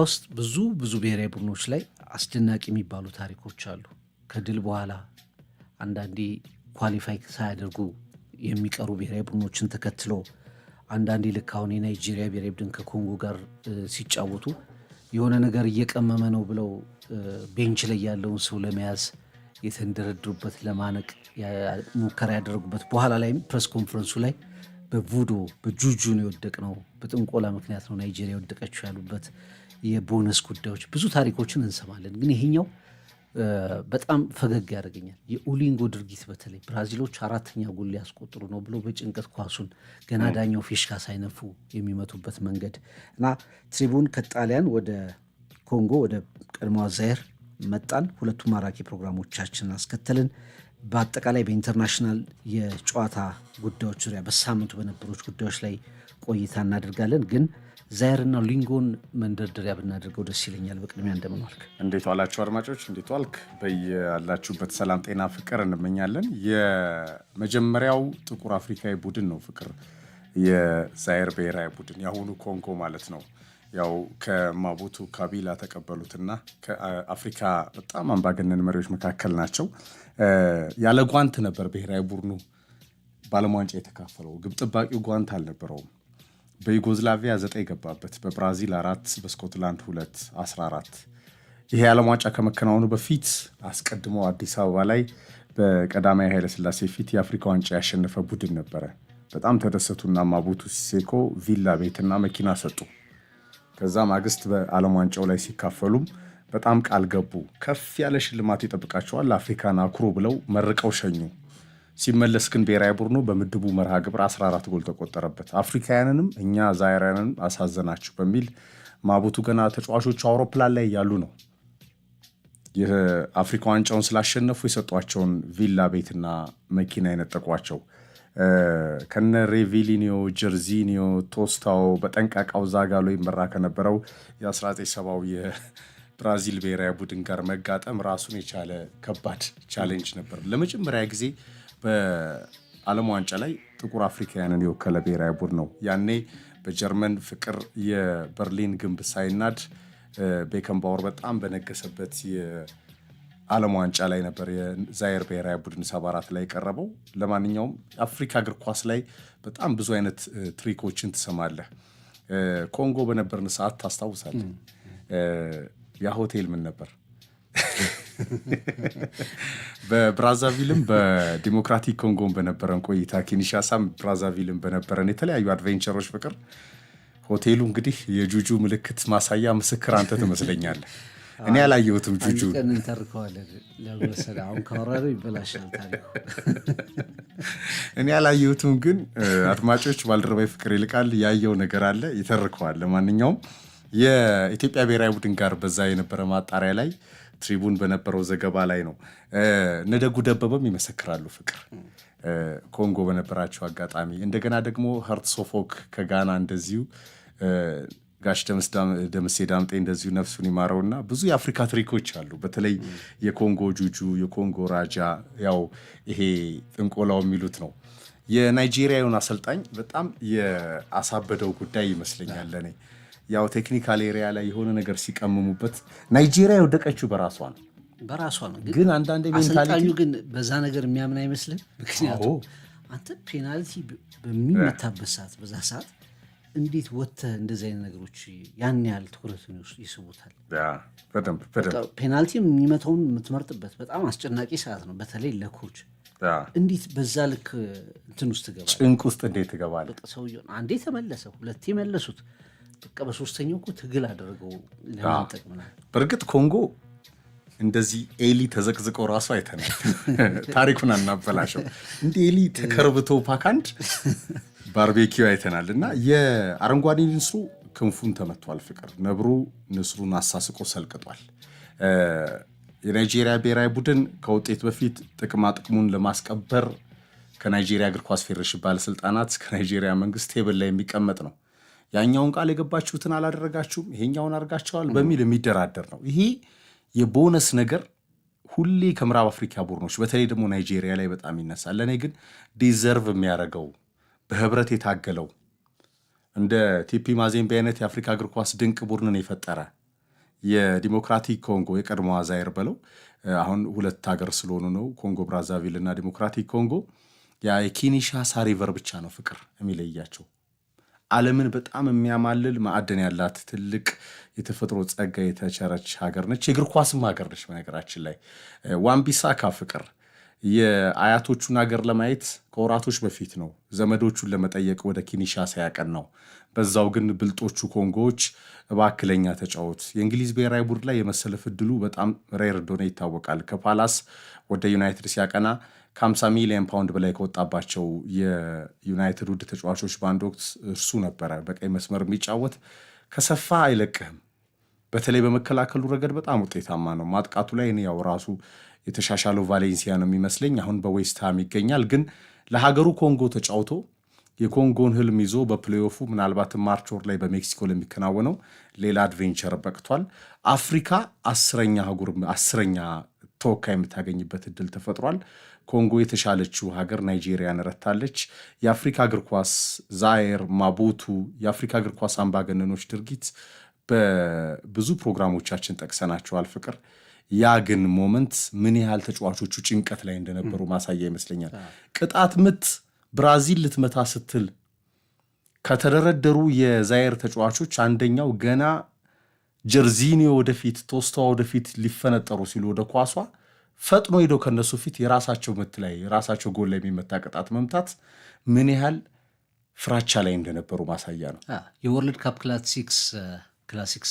ውስጥ ብዙ ብዙ ብሔራዊ ቡድኖች ላይ አስደናቂ የሚባሉ ታሪኮች አሉ። ከድል በኋላ አንዳንዴ ኳሊፋይ ሳያደርጉ የሚቀሩ ብሔራዊ ቡድኖችን ተከትሎ አንዳንዴ ልክ አሁን የናይጄሪያ ብሔራዊ ቡድን ከኮንጎ ጋር ሲጫወቱ የሆነ ነገር እየቀመመ ነው ብለው ቤንች ላይ ያለውን ሰው ለመያዝ የተንደረድሩበት ለማነቅ ሙከራ ያደረጉበት በኋላ ላይም ፕሬስ ኮንፈረንሱ ላይ በቡዶ በጁጁ ነው ነው በጥንቆላ ምክንያት ነው ናይጄሪያ የወደቀችው ያሉበት የቦነስ ጉዳዮች ብዙ ታሪኮችን እንሰማለን። ግን ይሄኛው በጣም ፈገግ ያደርገኛል። የኦሊንጎ ድርጊት በተለይ ብራዚሎች አራተኛ ጎል ሊያስቆጥሩ ነው ብሎ በጭንቀት ኳሱን ገና ዳኛው ፊሽካ ሳይነፉ የሚመቱበት መንገድ እና ትሪቡን ከጣሊያን ወደ ኮንጎ ወደ ቀድሞዋ ዛይር መጣን። ሁለቱ ማራኪ ፕሮግራሞቻችን አስከተልን። በአጠቃላይ በኢንተርናሽናል የጨዋታ ጉዳዮች ዙሪያ በሳምንቱ በነበሮች ጉዳዮች ላይ ቆይታ እናደርጋለን። ግን ዛየርና ሊንጎን መንደርደሪያ ብናደርገው ደስ ይለኛል። በቅድሚያ እንደምን ዋልክ? እንዴት ዋላችሁ አድማጮች፣ እንዴት ዋልክ? በያላችሁበት ሰላም፣ ጤና፣ ፍቅር እንመኛለን። የመጀመሪያው ጥቁር አፍሪካዊ ቡድን ነው ፍቅር የዛየር ብሔራዊ ቡድን የአሁኑ ኮንጎ ማለት ነው። ያው ከማቡቱ ካቢላ ተቀበሉትና ከአፍሪካ በጣም አምባገነን መሪዎች መካከል ናቸው። ያለ ጓንት ነበር ብሔራዊ ቡድኑ ባለሟንጫ የተካፈለው። ግብ ጠባቂው ጓንት አልነበረውም። በዩጎዝላቪያ ዘጠኝ ገባበት፣ በብራዚል አራት፣ በስኮትላንድ ሁለት 14 ይሄ የዓለም ዋንጫ ከመከናወኑ በፊት አስቀድሞ አዲስ አበባ ላይ በቀዳማዊ ኃይለስላሴ ፊት የአፍሪካ ዋንጫ ያሸነፈ ቡድን ነበረ። በጣም ተደሰቱና ማቡቱ ሲሴኮ ቪላ ቤትና መኪና ሰጡ። ከዛ ማግስት በዓለም ዋንጫው ላይ ሲካፈሉም በጣም ቃል ገቡ። ከፍ ያለ ሽልማት ይጠብቃቸዋል፣ አፍሪካን አኩሩ ብለው መርቀው ሸኙ። ሲመለስ ግን ብሔራዊ ቡድኑ በምድቡ መርሃ ግብር 14 ጎል ተቆጠረበት። አፍሪካውያንንም እኛ ዛይራውያንንም አሳዘናችሁ በሚል ማቡቱ ገና ተጫዋቾቹ አውሮፕላን ላይ እያሉ ነው የአፍሪካ ዋንጫውን ስላሸነፉ የሰጧቸውን ቪላ ቤትና መኪና የነጠቋቸው ከነ ሬቪሊኒዮ፣ ጀርዚኒዮ፣ ቶስታው በጠንቃቃው ዛጋሎ ይመራ ከነበረው የ1970ው የብራዚል ብሔራዊ ቡድን ጋር መጋጠም ራሱን የቻለ ከባድ ቻሌንጅ ነበር ለመጀመሪያ ጊዜ በዓለም ዋንጫ ላይ ጥቁር አፍሪካውያንን የወከለ ብሔራዊ ቡድን ነው። ያኔ በጀርመን ፍቅር የበርሊን ግንብ ሳይናድ ቤከንባወር በጣም በነገሰበት የአለም ዋንጫ ላይ ነበር የዛየር ብሔራዊ ቡድን ሰባ አራት ላይ ቀረበው ለማንኛውም አፍሪካ እግር ኳስ ላይ በጣም ብዙ አይነት ትሪኮችን ትሰማለህ። ኮንጎ በነበርን ሰዓት ታስታውሳለህ። ያ ሆቴል ምን ነበር? በብራዛቪልም በዲሞክራቲክ ኮንጎን በነበረን ቆይታ ኪንሻሳም ብራዛቪልም በነበረን የተለያዩ አድቬንቸሮች ፍቅር ሆቴሉ እንግዲህ የጁጁ ምልክት ማሳያ ምስክር አንተ ትመስለኛለህ። እኔ አላየሁትም። ጁጁ እኔ አላየሁትም፣ ግን አድማጮች ባልደረባዊ ፍቅር ይልቃል ያየው ነገር አለ ይተርከዋል። ለማንኛውም የኢትዮጵያ ብሔራዊ ቡድን ጋር በዛ የነበረ ማጣሪያ ላይ ትሪቡን በነበረው ዘገባ ላይ ነው። ነደጉ ደበበም ይመሰክራሉ ፍቅር ኮንጎ በነበራቸው አጋጣሚ እንደገና ደግሞ ሀርት ሶፎክ ከጋና እንደዚሁ ጋሽ ደምሴ ዳምጤ እንደዚሁ ነፍሱን ይማረው እና ብዙ የአፍሪካ ትሪኮች አሉ። በተለይ የኮንጎ ጁጁ፣ የኮንጎ ራጃ፣ ያው ይሄ ጥንቆላው የሚሉት ነው። የናይጄሪያውን አሰልጣኝ በጣም የአሳበደው ጉዳይ ይመስለኛል እኔ ያው ቴክኒካል ኤሪያ ላይ የሆነ ነገር ሲቀምሙበት ናይጄሪያ የወደቀችው በራሷ ነው በራሷ ነው። ግን አንዳንዴ ሜንታሊቲ ግን በዛ ነገር የሚያምን አይመስልም። ምክንያቱም አንተ ፔናልቲ በሚመታበት ሰዓት በዛ ሰዓት እንዴት ወጥተህ እንደዚህ አይነት ነገሮች ያን ያህል ትኩረት ይስቡታል። ፔናልቲም የሚመታውን የምትመርጥበት በጣም አስጨናቂ ሰዓት ነው። በተለይ ለኮች እንዴት በዛ ልክ እንትን ውስጥ ትገባለህ? ጭንቅ ውስጥ እንዴት ትገባለህ? ሰውዬው አንዴ ተመለሰ፣ ሁለቴ መለሱት። በሶስተኛው ትግል አደረገው ለማንጠቅ ምናምን። በእርግጥ ኮንጎ እንደዚህ ኤሊ ተዘቅዝቀው ራሱ አይተናል። ታሪኩን አናበላሸው። እንደ ኤሊ ተከርብቶ ፓካንድ ባርቤኪው አይተናል። እና የአረንጓዴ ንስሩ ክንፉን ተመቷል። ፍቅር ነብሩ ንስሩን አሳስቆ ሰልቅጧል። የናይጄሪያ ብሔራዊ ቡድን ከውጤት በፊት ጥቅማ ጥቅሙን ለማስቀበር ከናይጄሪያ እግር ኳስ ፌዴሬሽን ባለስልጣናት ከናይጄሪያ መንግስት ቴብል ላይ የሚቀመጥ ነው። ያኛውን ቃል የገባችሁትን አላደረጋችሁም፣ ይሄኛውን አድርጋችኋል በሚል የሚደራደር ነው። ይሄ የቦነስ ነገር ሁሌ ከምዕራብ አፍሪካ ቡድኖች በተለይ ደግሞ ናይጄሪያ ላይ በጣም ይነሳል። ለእኔ ግን ዲዘርቭ የሚያደርገው በህብረት የታገለው እንደ ቲፒ ማዜምቤ አይነት የአፍሪካ እግር ኳስ ድንቅ ቡድንን የፈጠረ የዲሞክራቲክ ኮንጎ የቀድሞዋ ዛይር በለው አሁን ሁለት ሀገር ስለሆኑ ነው ኮንጎ ብራዛቪል እና ዲሞክራቲክ ኮንጎ የኪንሻሳ ሪቨር ብቻ ነው ፍቅር የሚለያቸው። ዓለምን በጣም የሚያማልል ማዕድን ያላት ትልቅ የተፈጥሮ ጸጋ የተቸረች ሀገር ነች። የእግር ኳስም ሀገር ነች። በነገራችን ላይ ዋንቢሳካ ፍቅር የአያቶቹን ሀገር ለማየት ከወራቶች በፊት ነው ዘመዶቹን ለመጠየቅ ወደ ኪንሻሳ ያቀናው። በዛው ግን ብልጦቹ ኮንጎዎች በአክለኛ ተጫወት። የእንግሊዝ ብሔራዊ ቡድን ላይ የመሰለፍ እድሉ በጣም ሬር እንደሆነ ይታወቃል። ከፓላስ ወደ ዩናይትድ ሲያቀና ከ50 ሚሊዮን ፓውንድ በላይ ከወጣባቸው የዩናይትድ ውድ ተጫዋቾች በአንድ ወቅት እርሱ ነበረ። በቀይ መስመር የሚጫወት ከሰፋ አይለቅህም። በተለይ በመከላከሉ ረገድ በጣም ውጤታማ ነው። ማጥቃቱ ላይ ያው ራሱ የተሻሻለው ቫሌንሲያ ነው የሚመስለኝ። አሁን በዌስትሃም ይገኛል። ግን ለሀገሩ ኮንጎ ተጫውቶ የኮንጎን ህልም ይዞ በፕሌኦፉ ምናልባትም ማርች ወር ላይ በሜክሲኮ ለሚከናወነው ሌላ አድቬንቸር በቅቷል። አፍሪካ አስረኛ ተወካይ የምታገኝበት እድል ተፈጥሯል። ኮንጎ የተሻለችው ሀገር ናይጄሪያን ረታለች። የአፍሪካ እግር ኳስ ዛየር፣ ማቡቱ የአፍሪካ እግር ኳስ አምባገነኖች ድርጊት በብዙ ፕሮግራሞቻችን ጠቅሰናቸዋል። ፍቅር ያ ግን ሞመንት ምን ያህል ተጫዋቾቹ ጭንቀት ላይ እንደነበሩ ማሳያ ይመስለኛል። ቅጣት ምት ብራዚል ልትመታ ስትል ከተደረደሩ የዛየር ተጫዋቾች አንደኛው ገና ጀርዚኒ ወደፊት ቶስቷ ወደፊት ሊፈነጠሩ ሲሉ ወደ ኳሷ ፈጥኖ ሄደው ከነሱ ፊት የራሳቸው ምት ላይ የራሳቸው ጎል ላይ የሚመታ ቅጣት መምታት ምን ያህል ፍራቻ ላይ እንደነበሩ ማሳያ ነው። የወርልድ ካፕ ክላሲክስ ክላሲክስ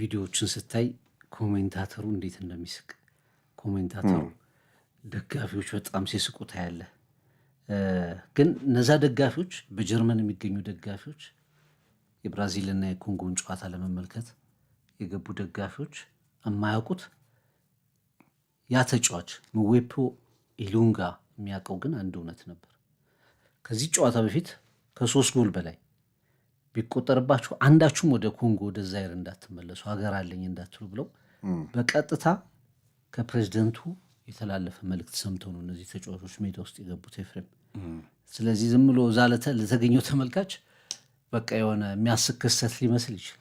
ቪዲዮዎችን ስታይ ኮሜንታተሩ እንዴት እንደሚስቅ ኮሜንታተሩ ደጋፊዎች በጣም ሲስቁ ታያለህ። ግን እነዛ ደጋፊዎች በጀርመን የሚገኙ ደጋፊዎች የብራዚልና የኮንጎን ጨዋታ ለመመልከት የገቡ ደጋፊዎች የማያውቁት ያ ተጫዋች ምዌፖ ኢሉንጋ የሚያውቀው ግን አንድ እውነት ነበር። ከዚህ ጨዋታ በፊት ከሶስት ጎል በላይ ቢቆጠርባችሁ አንዳችሁም ወደ ኮንጎ ወደ ዛይር እንዳትመለሱ ሀገር አለኝ እንዳትሉ ብለው በቀጥታ ከፕሬዚደንቱ የተላለፈ መልእክት ሰምተው ነው እነዚህ ተጫዋቾች ሜዳ ውስጥ የገቡት ኤፍሬም። ስለዚህ ዝም ብሎ እዛ ለተገኘው ተመልካች በቃ የሆነ የሚያስቅ ክስተት ሊመስል ይችላል።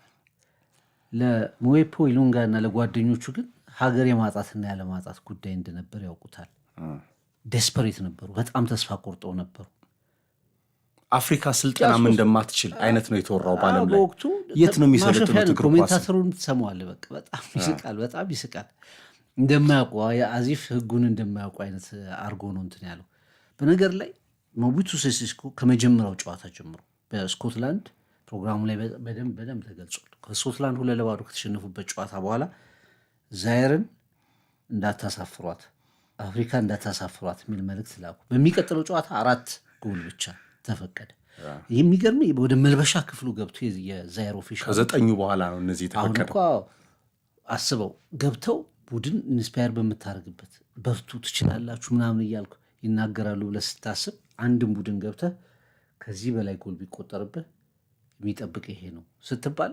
ለሞዌፖ ኢሉንጋ እና ለጓደኞቹ ግን ሀገር የማጣትና ያለማጣት ጉዳይ እንደነበር ያውቁታል። ዴስፐሬት ነበሩ። በጣም ተስፋ ቆርጠው ነበሩ። አፍሪካ ስልጠናም እንደማትችል አይነት ነው የተወራው። በዓለም ላይ በወቅቱ የት ነው የሚሰለጥኑት? ኮሜንታተሩን ትሰማዋለህ። በቃ በጣም ይስቃል፣ በጣም ይስቃል። እንደማያውቁ የአዚፍ ህጉን እንደማያውቁ አይነት አርጎ ነው እንትን ያለው። በነገር ላይ ሞቡቱ ሴሴኮ ከመጀመሪያው ጨዋታ ጀምሮ በስኮትላንድ ፕሮግራሙ ላይ በደንብ በደንብ ተገልጿል። ከስኮትላንድ ሁለት ለባዶ ከተሸነፉበት ጨዋታ በኋላ ዛይርን እንዳታሳፍሯት አፍሪካ እንዳታሳፍሯት የሚል መልእክት ላኩ። በሚቀጥለው ጨዋታ አራት ጎል ብቻ ተፈቀደ። የሚገርም ወደ መልበሻ ክፍሉ ገብቶ የዛይር ኦፊሻል ከዘጠኙ በኋላ ነው እነዚህ የተፈቀደ። አስበው ገብተው ቡድን ኢንስፓየር በምታደርግበት በርቱ፣ ትችላላችሁ ምናምን እያልኩ ይናገራሉ ብለህ ስታስብ አንድም ቡድን ገብተህ ከዚህ በላይ ጎል ቢቆጠርብህ የሚጠብቅ ይሄ ነው ስትባል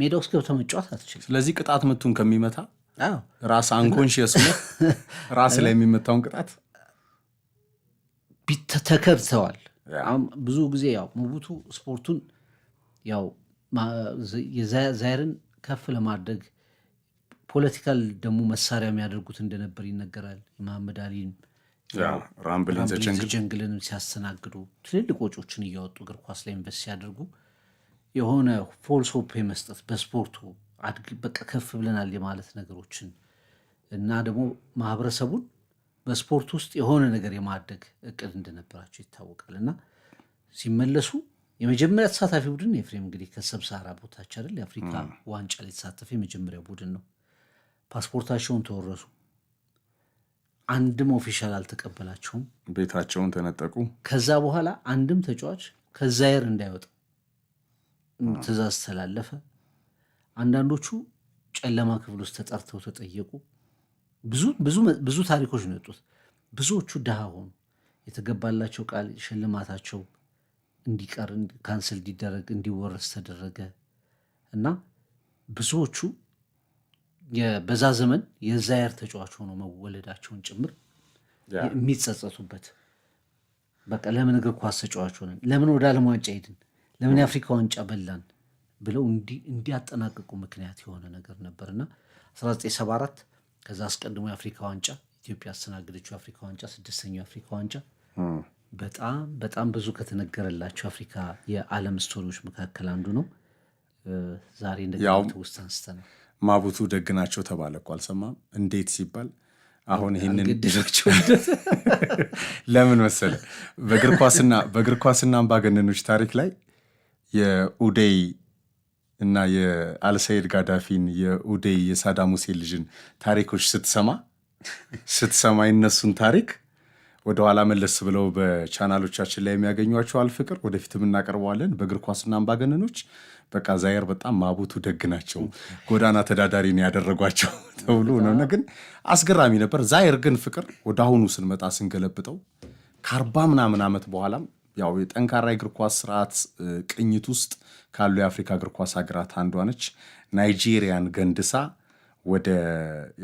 ሜዳ ውስጥ ገብተህ መጫወት አትችልም። ስለዚህ ቅጣት ምቱን ከሚመታ ራስ አንኮንሽስ ራስ ላይ የሚመታውን ቅጣት ተከብተዋል። ብዙ ጊዜ ያው ሙቡቱ ስፖርቱን ያው ዛይርን ከፍ ለማድረግ ፖለቲካል ደግሞ መሳሪያ የሚያደርጉት እንደነበር ይነገራል። መሐመድ አሊን ራምብልንዘጀንግልን ሲያስተናግዱ ትልልቅ ወጮችን እያወጡ እግር ኳስ ላይ ኢንቨስት ሲያደርጉ የሆነ ፎልስ ሆፕ የመስጠት በስፖርቱ በቃ ከፍ ብለናል የማለት ነገሮችን እና ደግሞ ማህበረሰቡን በስፖርት ውስጥ የሆነ ነገር የማደግ እቅድ እንደነበራቸው ይታወቃል እና ሲመለሱ የመጀመሪያ ተሳታፊ ቡድን ኤፍሬም እንግዲህ ከሰብሳራ ቦታች አይደል የአፍሪካ ዋንጫ ላይ የተሳተፈ የመጀመሪያ ቡድን ነው። ፓስፖርታቸውን ተወረሱ። አንድም ኦፊሻል አልተቀበላቸውም። ቤታቸውን ተነጠቁ። ከዛ በኋላ አንድም ተጫዋች ከዛየር እንዳይወጣ ትእዛዝ ተላለፈ። አንዳንዶቹ ጨለማ ክፍል ውስጥ ተጠርተው ተጠየቁ። ብዙ ታሪኮች ነው የወጡት። ብዙዎቹ ድሃ ሆኑ። የተገባላቸው ቃል ሽልማታቸው እንዲቀር፣ ካንስል እንዲደረግ፣ እንዲወረስ ተደረገ እና ብዙዎቹ በዛ ዘመን የዛየር ተጫዋች ሆኖ መወለዳቸውን ጭምር የሚጸጸቱበት በቃ ለምን እግር ኳስ ተጫዋች ሆነን ለምን ወደ ዓለም ዋንጫ ሄድን ለምን የአፍሪካ ዋንጫ በላን ብለው እንዲያጠናቅቁ ምክንያት የሆነ ነገር ነበር እና 1974 ከዛ አስቀድሞ የአፍሪካ ዋንጫ ኢትዮጵያ ያስተናገደችው የአፍሪካ ዋንጫ ስድስተኛው የአፍሪካ ዋንጫ በጣም በጣም ብዙ ከተነገረላቸው አፍሪካ የዓለም ስቶሪዎች መካከል አንዱ ነው። ዛሬ እንደገና ውስጥ አንስተ ነው ማቡቱ ደግ ናቸው ተባለ እኮ አልሰማም። እንዴት ሲባል አሁን ይህንን ለምን መሰለ በእግር ኳስና አምባገነኖች ታሪክ ላይ የኡዴይ እና የአልሰይድ ጋዳፊን የኡዴይ የሳዳም ሁሴን ልጅን ታሪኮች ስትሰማ ስትሰማ የነሱን ታሪክ ወደኋላ መለስ ብለው በቻናሎቻችን ላይ የሚያገኟቸው አልፍቅር ወደፊትም እናቀርበዋለን። በእግር ኳስና አምባገነኖች በቃ ዛየር በጣም ማቡቱ ደግ ናቸው፣ ጎዳና ተዳዳሪ ነው ያደረጓቸው ተብሎ ነው። ግን አስገራሚ ነበር። ዛየር ግን ፍቅር ወደ አሁኑ ስንመጣ ስንገለብጠው ከአርባ ምናምን ዓመት በኋላም ያው የጠንካራ እግር ኳስ ስርዓት ቅኝት ውስጥ ካሉ የአፍሪካ እግር ኳስ ሀገራት አንዷ ነች። ናይጄሪያን ገንድሳ ወደ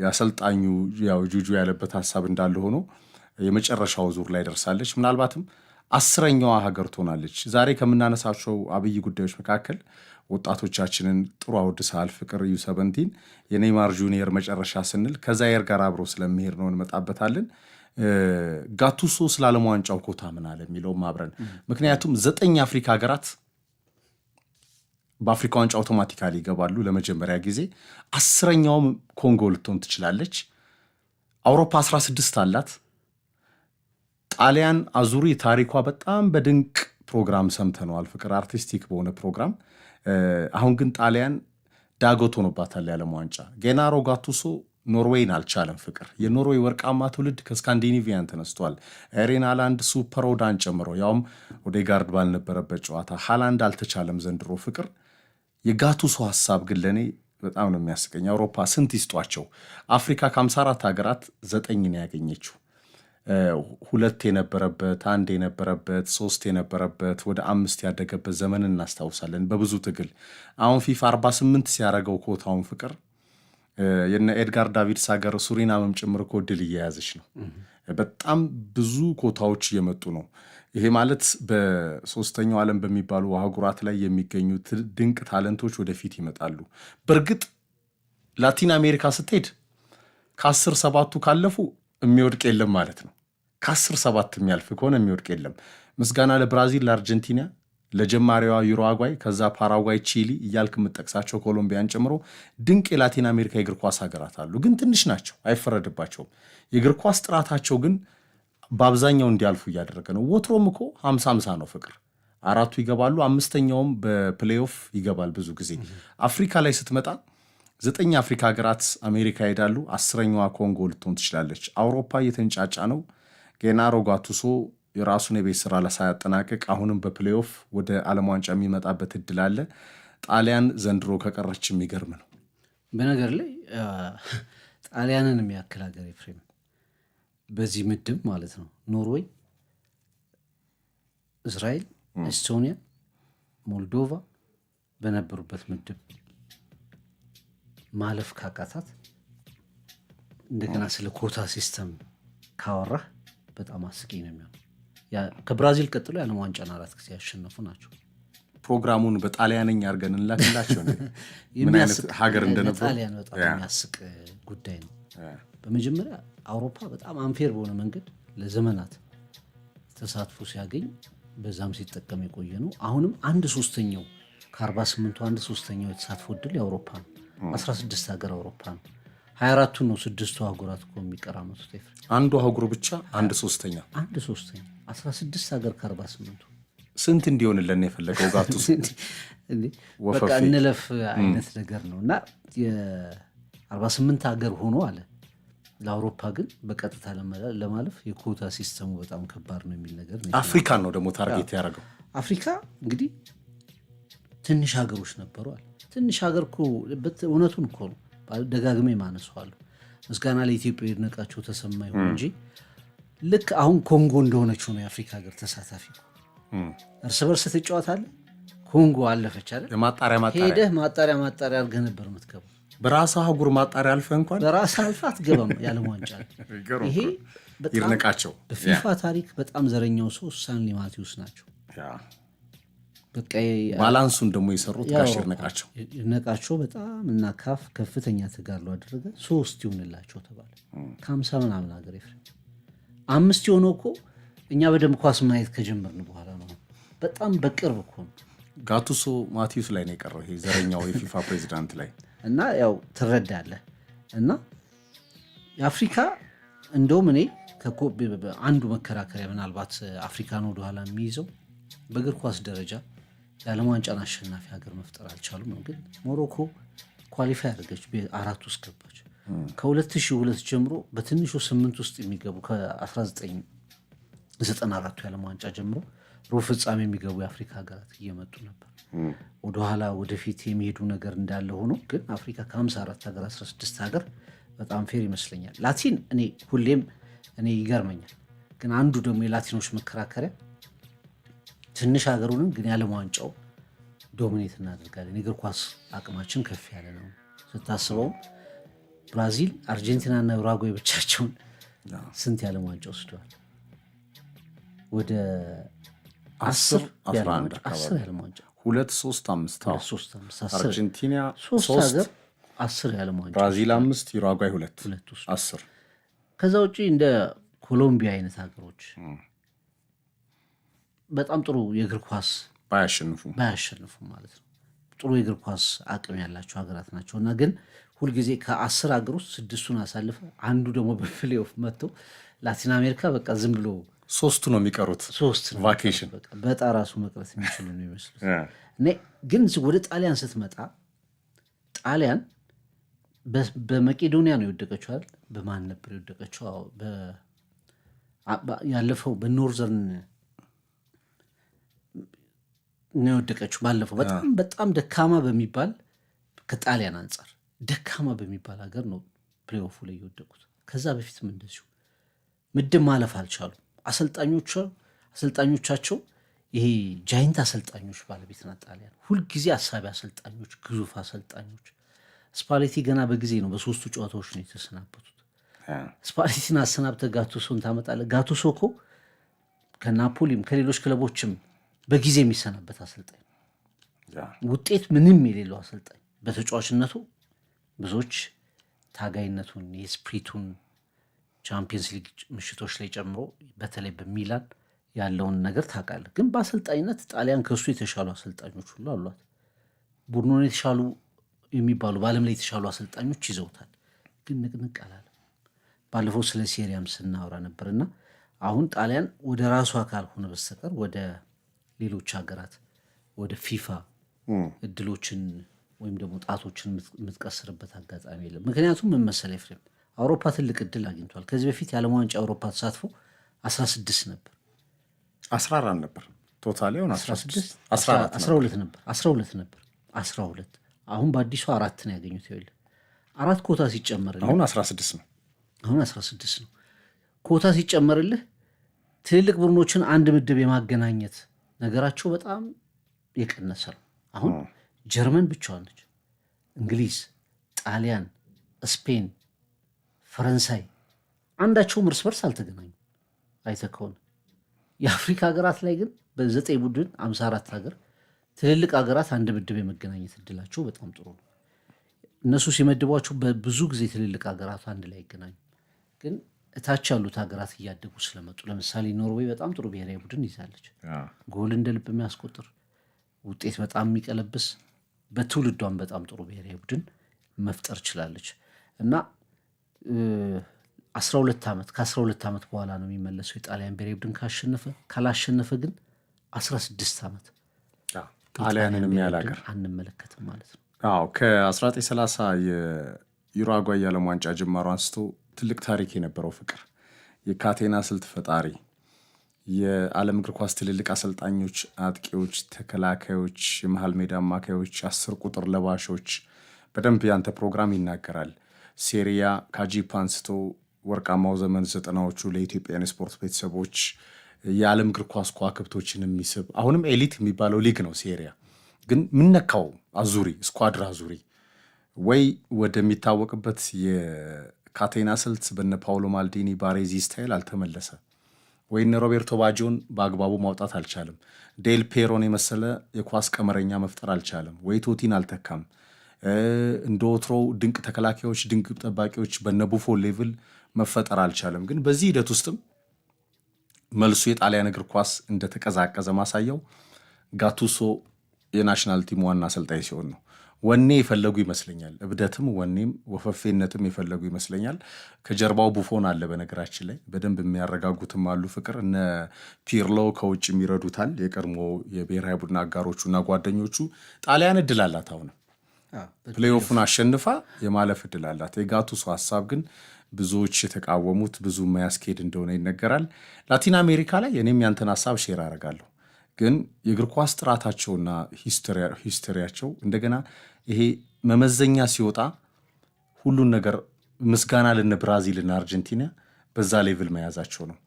የአሰልጣኙ ያው ጁጁ ያለበት ሀሳብ እንዳለ ሆኖ የመጨረሻው ዙር ላይ ደርሳለች። ምናልባትም አስረኛዋ ሀገር ትሆናለች። ዛሬ ከምናነሳቸው አብይ ጉዳዮች መካከል ወጣቶቻችንን ጥሩ አውድ ሳል ፍቅር ዩ ሰቨንቲን የኔይማር ጁኒየር መጨረሻ ስንል ከዛየር ጋር አብሮ ስለሚሄድ ነው እንመጣበታለን። ጋቱሶ ስለ ዓለም ዋንጫው ኮታ ምን አለ የሚለውም አብረን ምክንያቱም ዘጠኝ አፍሪካ ሀገራት በአፍሪካ ዋንጫ አውቶማቲካሊ ይገባሉ ለመጀመሪያ ጊዜ። አስረኛውም ኮንጎ ልትሆን ትችላለች። አውሮፓ 16 አላት። ጣሊያን አዙሪ ታሪኳ በጣም በድንቅ ፕሮግራም ሰምተነዋል። ፍቅር አርቲስቲክ በሆነ ፕሮግራም አሁን ግን ጣሊያን ዳገት ሆኖባታል የዓለም ዋንጫ። ጌናሮ ጋቱሶ ኖርዌይን አልቻለም። ፍቅር የኖርዌይ ወርቃማ ትውልድ ከስካንዲኒቪያን ተነስቷል። ኤሪን ሃላንድ ሱፐር ኦዳን ጨምሮ ያውም ኦዴጋርድ ባልነበረበት ጨዋታ ሃላንድ አልተቻለም ዘንድሮ ፍቅር። የጋቱሶ ሀሳብ ግን ለእኔ በጣም ነው የሚያስቀኝ። አውሮፓ ስንት ይስጧቸው። አፍሪካ ከ54 ሀገራት ዘጠኝ ነው ያገኘችው። ሁለት የነበረበት አንድ የነበረበት ሶስት የነበረበት ወደ አምስት ያደገበት ዘመን እናስታውሳለን። በብዙ ትግል አሁን ፊፋ 48 ሲያደርገው ኮታውን ፍቅር የነ ኤድጋር ዳቪድስ ሀገር ሱሪናምም ጭምር እኮ ድል እየያዘች ነው። በጣም ብዙ ኮታዎች እየመጡ ነው። ይሄ ማለት በሶስተኛው ዓለም በሚባሉ አህጉራት ላይ የሚገኙ ድንቅ ታለንቶች ወደፊት ይመጣሉ። በእርግጥ ላቲን አሜሪካ ስትሄድ ከአስር ሰባቱ ካለፉ የሚወድቅ የለም ማለት ነው። ከአስር ሰባት የሚያልፍ ከሆነ የሚወድቅ የለም። ምስጋና ለብራዚል፣ ለአርጀንቲና፣ ለጀማሪዋ ዩሩጓይ፣ ከዛ ፓራጓይ፣ ቺሊ እያልክ የምጠቅሳቸው ኮሎምቢያን ጨምሮ ድንቅ የላቲን አሜሪካ የእግር ኳስ ሀገራት አሉ። ግን ትንሽ ናቸው፣ አይፈረድባቸውም። የእግር ኳስ ጥራታቸው ግን በአብዛኛው እንዲያልፉ እያደረገ ነው። ወትሮም እኮ ሀምሳ ሀምሳ ነው ፍቅር አራቱ ይገባሉ፣ አምስተኛውም በፕሌይኦፍ ይገባል። ብዙ ጊዜ አፍሪካ ላይ ስትመጣ ዘጠኝ አፍሪካ ሀገራት አሜሪካ ይሄዳሉ። አስረኛዋ ኮንጎ ልትሆን ትችላለች። አውሮፓ እየተንጫጫ ነው። ጌናሮ ጓቱሶ የራሱን የቤት ስራ ሳያጠናቅቅ አሁንም በፕሌኦፍ ወደ ዓለም ዋንጫ የሚመጣበት እድል አለ። ጣሊያን ዘንድሮ ከቀረች የሚገርም ነው። በነገር ላይ ጣሊያንን የሚያክል ሀገር ኤፍሬም በዚህ ምድብ ማለት ነው ኖርዌይ፣ እስራኤል፣ ኤስቶኒያ፣ ሞልዶቫ በነበሩበት ምድብ ማለፍ ካቃታት እንደገና ስለ ኮታ ሲስተም ካወራህ በጣም አስቂ ነው የሚሆነው። ከብራዚል ቀጥሎ የዓለም ዋንጫን አራት ጊዜ ያሸነፉ ናቸው። ፕሮግራሙን በጣሊያንኛ አድርገን እንላክላቸው። ምን አይነት ሀገር እንደነበሩ በጣም የሚያስቅ ጉዳይ ነው። በመጀመሪያ አውሮፓ በጣም አንፌር በሆነ መንገድ ለዘመናት ተሳትፎ ሲያገኝ በዛም ሲጠቀም የቆየ ነው። አሁንም አንድ ሶስተኛው ከ48ቱ አንድ ሶስተኛው የተሳትፎ እድል የአውሮፓ ነው። 16 ሀገር አውሮፓ ነው። ሀያ አራቱ ነው ስድስቱ አህጉራት እኮ የሚቀራመቱት። አንዱ አህጉር ብቻ አንድ ሶስተኛ አንድ ሶስተኛ አስራ ስድስት ሀገር ከአርባ ስምንቱ ስንት እንዲሆንልን የፈለገው ጋቱ በቃ እንለፍ አይነት ነገር ነው እና የአርባ ስምንት ሀገር ሆኖ አለ ለአውሮፓ ግን በቀጥታ ለማለፍ የኮታ ሲስተሙ በጣም ከባድ ነው የሚል ነገር አፍሪካን ነው ደግሞ ታርጌት ያደረገው። አፍሪካ እንግዲህ ትንሽ ሀገሮች ነበሩ አለ። ትንሽ ሀገር እኮ እውነቱን እኮ ነው ደጋግሜ ማነሳዋለሁ። ምስጋና ለኢትዮጵያ ይድነቃቸው ተሰማ ይሁን እንጂ ልክ አሁን ኮንጎ እንደሆነችው ነው የአፍሪካ ሀገር ተሳታፊ እርስ በርስ ትጫወታለህ። ኮንጎ አለፈች አይደል? ሄደህ ማጣሪያ ማጣሪያ አድርገህ ነበር የምትገባው። በራስህ አህጉር ማጣሪያ አልፈህ እንኳን በራስህ አልፈህ አትገባም የዓለም ዋንጫ። ይሄ ይድነቃቸው በፊፋ ታሪክ በጣም ዘረኛው ሰው ሳንሊ ማቴዎስ ናቸው። ባላንሱን ደግሞ የሰሩት ጋሽር ነቃቸው ነቃቸው በጣም እና ካፍ ከፍተኛ ተጋድሎ አደረገ። ሶስት ይሁንላቸው ተባለ። ከሀምሳ ምናምን ሀገር የፍረጅ አምስት የሆነ እኮ እኛ በደንብ ኳስ ማየት ከጀመርን በኋላ ነው። በጣም በቅርብ እኮ ነው። ጋቱሶ ማቲዩስ ላይ ነው የቀረው ይሄ ዘረኛው የፊፋ ፕሬዚዳንት ላይ እና ያው ትረዳለህ እና የአፍሪካ እንደውም እኔ አንዱ መከራከሪያ ምናልባት አፍሪካን ወደኋላ የሚይዘው በእግር ኳስ ደረጃ የዓለም ዋንጫን አሸናፊ ሀገር መፍጠር አልቻሉም ነው። ግን ሞሮኮ ኳሊፋይ አድርገች አራት ውስጥ ገባች። ከ2002 ጀምሮ በትንሹ ስምንት ውስጥ የሚገቡ ከ1994 የዓለም ዋንጫ ጀምሮ ሩብ ፍጻሜ የሚገቡ የአፍሪካ ሀገራት እየመጡ ነበር። ወደኋላ ወደፊት የሚሄዱ ነገር እንዳለ ሆኖ ግን አፍሪካ ከ54 ሀገር 16 ሀገር በጣም ፌር ይመስለኛል። ላቲን እኔ ሁሌም እኔ ይገርመኛል። ግን አንዱ ደግሞ የላቲኖች መከራከሪያ ትንሽ ሀገር ግን ያለም ዋንጫው ዶሚኔት እናደርጋለን። የእግር ኳስ አቅማችን ከፍ ያለ ነው። ስታስበው ብራዚል፣ አርጀንቲና እና ኡራጓይ ብቻቸውን ስንት ያለም ዋንጫ ወስደዋል? ወደ አስር ዋንጫ ሁለት ሶስት አምስት አርጀንቲና ሶስት አስር ዋንጫ ብራዚል አምስት ሁለት አስር ከዛ ውጭ እንደ ኮሎምቢያ አይነት ሀገሮች በጣም ጥሩ የእግር ኳስ ባያሸንፉም ባያሸንፉም ማለት ነው ጥሩ የእግር ኳስ አቅም ያላቸው ሀገራት ናቸው እና ግን ሁልጊዜ ከአስር ሀገር ውስጥ ስድስቱን አሳልፈ አንዱ ደግሞ በፕሌይ ኦፍ መጥቶ ላቲን አሜሪካ በቃ ዝም ብሎ ሶስቱ ነው የሚቀሩት። ሶስት ቫኬሽን በጣ ራሱ መቅረት የሚችሉ ነው ይመስሉት። ግን ወደ ጣሊያን ስትመጣ ጣሊያን በመቄዶኒያ ነው የወደቀችው አይደል? በማን ነበር የወደቀችው? ያለፈው በኖርዘርን ነው የወደቀችው። ባለፈው በጣም በጣም ደካማ በሚባል ከጣሊያን አንጻር ደካማ በሚባል ሀገር ነው ፕሌኦፉ ላይ የወደቁት። ከዛ በፊትም እንደዚሁ ምድብ ማለፍ አልቻሉም። አሰልጣኞቻቸው ይሄ ጃይንት አሰልጣኞች ባለቤት ናት ጣሊያን። ሁልጊዜ አሳቢ አሰልጣኞች፣ ግዙፍ አሰልጣኞች። ስፓሌቲ ገና በጊዜ ነው በሶስቱ ጨዋታዎች ነው የተሰናበቱት። ስፓሌቲን አሰናብተ ጋቱሶን ታመጣለ። ጋቱሶ እኮ ከናፖሊም ከሌሎች ክለቦችም በጊዜ የሚሰናበት አሰልጣኝ፣ ውጤት ምንም የሌለው አሰልጣኝ፣ በተጫዋችነቱ ብዙዎች ታጋይነቱን የስፕሪቱን ቻምፒየንስ ሊግ ምሽቶች ላይ ጨምሮ በተለይ በሚላን ያለውን ነገር ታውቃለህ። ግን በአሰልጣኝነት ጣሊያን ከሱ የተሻሉ አሰልጣኞች ሁሉ አሏት። ቡድኑን የተሻሉ የሚባሉ በዓለም ላይ የተሻሉ አሰልጣኞች ይዘውታል። ግን ንቅንቅ አላለም። ባለፈው ስለ ሴሪያም ስናወራ ነበርና አሁን ጣሊያን ወደ ራሷ ካልሆነ በስተቀር ወደ ሌሎች ሀገራት ወደ ፊፋ እድሎችን ወይም ደግሞ ጣቶችን የምትቀስርበት አጋጣሚ የለም። ምክንያቱም ምን መሰለህ ኤፍሬም፣ አውሮፓ ትልቅ እድል አግኝቷል። ከዚህ በፊት የዓለም ዋንጫ አውሮፓ ተሳትፎ አስራ ስድስት ነበር አስራ አራት ነበር ቶታሊ ሁለት ነበር አስራ ሁለት ነበር አስራ ሁለት አሁን በአዲሱ አራት ነው ያገኙት። ይኸውልህ አራት ኮታ ሲጨመርልህ አሁን ስድስት ነው አሁን አስራ ስድስት ነው። ኮታ ሲጨመርልህ ትልልቅ ቡድኖችን አንድ ምድብ የማገናኘት ነገራቸው በጣም የቀነሰ ነው። አሁን ጀርመን ብቻዋን ነች። እንግሊዝ፣ ጣሊያን፣ ስፔን፣ ፈረንሳይ አንዳቸውም እርስ በርስ አልተገናኙ አይተህ ከሆነ የአፍሪካ ሀገራት ላይ ግን በዘጠኝ ቡድን አምሳ አራት ሀገር ትልልቅ ሀገራት አንድ ምድብ የመገናኘት እድላቸው በጣም ጥሩ ነው። እነሱ ሲመድቧቸው በብዙ ጊዜ ትልልቅ ሀገራት አንድ ላይ ይገናኙ ግን እታች ያሉት ሀገራት እያደጉ ስለመጡ ለምሳሌ ኖርዌይ በጣም ጥሩ ብሔራዊ ቡድን ይዛለች። ጎል እንደ ልብ የሚያስቆጥር ውጤት በጣም የሚቀለብስ በትውልዷን በጣም ጥሩ ብሔራዊ ቡድን መፍጠር ችላለች እና አስራ ሁለት ዓመት ከአስራ ሁለት ዓመት በኋላ ነው የሚመለሰው የጣሊያን ብሔራዊ ቡድን ካሸነፈ። ካላሸነፈ ግን አስራ ስድስት ዓመት ጣሊያንን የሚያላገር አንመለከትም ማለት ነው። ከ1930 የዩራጓይ የዓለም ዋንጫ ጅማሮ አንስቶ ትልቅ ታሪክ የነበረው ፍቅር፣ የካቴና ስልት ፈጣሪ፣ የዓለም እግር ኳስ ትልልቅ አሰልጣኞች፣ አጥቂዎች፣ ተከላካዮች፣ የመሃል ሜዳ አማካዮች፣ አስር ቁጥር ለባሾች በደንብ ያንተ ፕሮግራም ይናገራል። ሴሪያ ካጂፕ አንስቶ ወርቃማው ዘመን ዘጠናዎቹ ለኢትዮጵያን የስፖርት ቤተሰቦች የዓለም እግር ኳስ ከዋክብቶችን የሚስብ አሁንም ኤሊት የሚባለው ሊግ ነው ሴሪያ። ግን ምነካው አዙሪ ስኳድራ አዙሪ ወይ ወደሚታወቅበት ካቴና ስልት በነ ፓውሎ ማልዲኒ ባሬዚ ስታይል አልተመለሰ ወይን ሮቤርቶ ባጆን በአግባቡ ማውጣት አልቻለም። ዴል ፔሮን የመሰለ የኳስ ቀመረኛ መፍጠር አልቻለም። ወይ ቶቲን አልተካም። እንደ ወትሮ ድንቅ ተከላካዮች፣ ድንቅ ጠባቂዎች በነቡፎ ሌቭል መፈጠር አልቻለም። ግን በዚህ ሂደት ውስጥም መልሱ የጣሊያን እግር ኳስ እንደተቀዛቀዘ ማሳያው ጋቱሶ የናሽናል ቲም ዋና አሰልጣኝ ሲሆን ነው። ወኔ የፈለጉ ይመስለኛል። እብደትም ወኔም ወፈፌነትም የፈለጉ ይመስለኛል። ከጀርባው ቡፎን አለ። በነገራችን ላይ በደንብ የሚያረጋጉትም አሉ። ፍቅር እነ ፒርሎ ከውጭ የሚረዱታል። የቀድሞ የብሔራዊ ቡድን አጋሮቹ እና ጓደኞቹ። ጣሊያን እድል አላት። አሁንም ፕሌይኦፉን አሸንፋ የማለፍ እድል አላት። የጋቱሶ ሀሳብ ግን ብዙዎች የተቃወሙት ብዙ ማያስኬድ እንደሆነ ይነገራል። ላቲን አሜሪካ ላይ እኔም ያንተን ሀሳብ ሼር አደርጋለሁ። ግን የእግር ኳስ ጥራታቸውና ሂስትሪያቸው እንደገና ይሄ መመዘኛ ሲወጣ ሁሉን ነገር ምስጋና ልን ብራዚልና አርጀንቲና በዛ ሌቭል መያዛቸው ነው።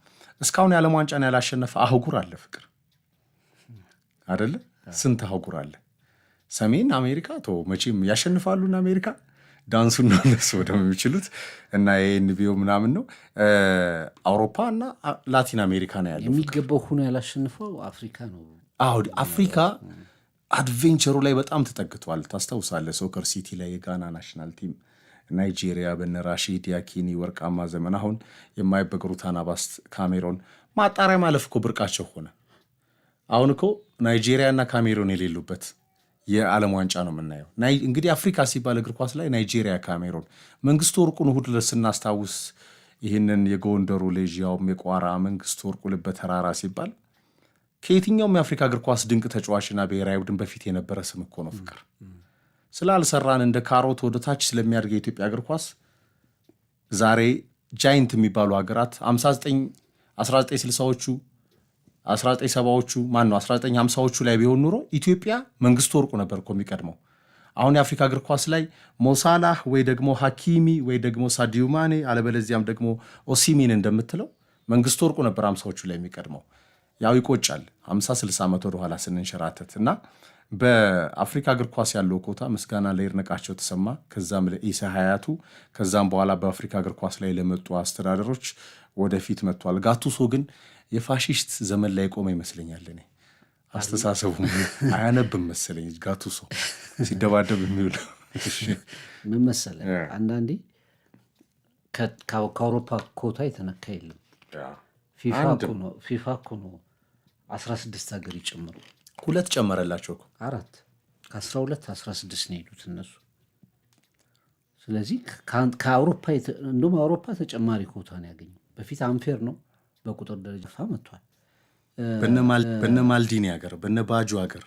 እስካሁን የዓለም ዋንጫን ያላሸነፈ አህጉር አለ ፍቅር አደለ? ስንት አህጉር አለ? ሰሜን አሜሪካ ቶ መቼም ያሸንፋሉን አሜሪካ ዳንሱን ነው እነሱ ወደው የሚችሉት እና የኤንቢኦ ምናምን ነው አውሮፓ እና ላቲን አሜሪካ ነው ያለው። የሚገባው ሁኖ ያላሸንፈው አፍሪካ ነው። አዎ አፍሪካ አድቬንቸሩ ላይ በጣም ተጠግቷል። ታስታውሳለህ ሶከር ሲቲ ላይ የጋና ናሽናል ቲም ናይጄሪያ በነ ራሺድ ያኪኒ ወርቃማ ዘመን፣ አሁን የማይበግሩት አናባስት ካሜሮን ማጣሪያ ማለፍ እኮ ብርቃቸው ሆነ። አሁን እኮ ናይጄሪያ እና ካሜሮን የሌሉበት የዓለም ዋንጫ ነው የምናየው። እንግዲህ አፍሪካ ሲባል እግር ኳስ ላይ ናይጄሪያ፣ ካሜሩን መንግስቱ ወርቁን እሑድ ዕለት ስናስታውስ ይህንን የጎንደሩ ልጅ ያውም የቋራ መንግስቱ ወርቁ ልበ ተራራ ሲባል ከየትኛውም የአፍሪካ እግር ኳስ ድንቅ ተጫዋችና ብሔራዊ ቡድን በፊት የነበረ ስም እኮ ነው። ፍቅር ስላልሰራን እንደ ካሮት ወደ ታች ስለሚያድግ የኢትዮጵያ እግር ኳስ ዛሬ ጃይንት የሚባሉ ሀገራት 59 1960ዎቹ 1970ዎቹ ማን ነው 1950ዎቹ ላይ ቢሆን ኑሮ ኢትዮጵያ መንግስቱ ወርቁ ነበር እኮ የሚቀድመው። አሁን የአፍሪካ እግር ኳስ ላይ ሞሳላህ ወይ ደግሞ ሀኪሚ ወይ ደግሞ ሳዲዩማኔ አለበለዚያም ደግሞ ኦሲሚን እንደምትለው መንግስቱ ወርቁ ነበር 50 ላይ የሚቀድመው። ያው ይቆጫል 50 60 ዓመት ወደኋላ ስንንሸራተት እና በአፍሪካ እግር ኳስ ያለው ኮታ ምስጋና ለይድነቃቸው ተሰማ፣ ከዛም ለኢሳ ሀያቱ፣ ከዛም በኋላ በአፍሪካ እግር ኳስ ላይ ለመጡ አስተዳደሮች ወደፊት መጥቷል። ጋቱሶ ግን የፋሽስት ዘመን ላይ ቆመ ይመስለኛል። እኔ አስተሳሰቡ አያነብም መሰለኝ። ጋቱሶ ሲደባደብ የሚውለው ምን መሰለ፣ አንዳንዴ ከአውሮፓ ኮታ የተነካ የለም። ፊፋ እኮ ነው አስራ ስድስት ሀገር ይጨምሩ ሁለት ጨመረላቸው አራት ከአስራ ሁለት አስራ ስድስት ነው የሄዱት እነሱ። ስለዚህ ከአውሮፓ እንዲሁም አውሮፓ ተጨማሪ ኮታ ነው ያገኘው። በፊት አንፌር ነው በቁጥር ደረጃ ፋ መጥቷል። በነ ማልዲኒ ሀገር በነ ባጁ ሀገር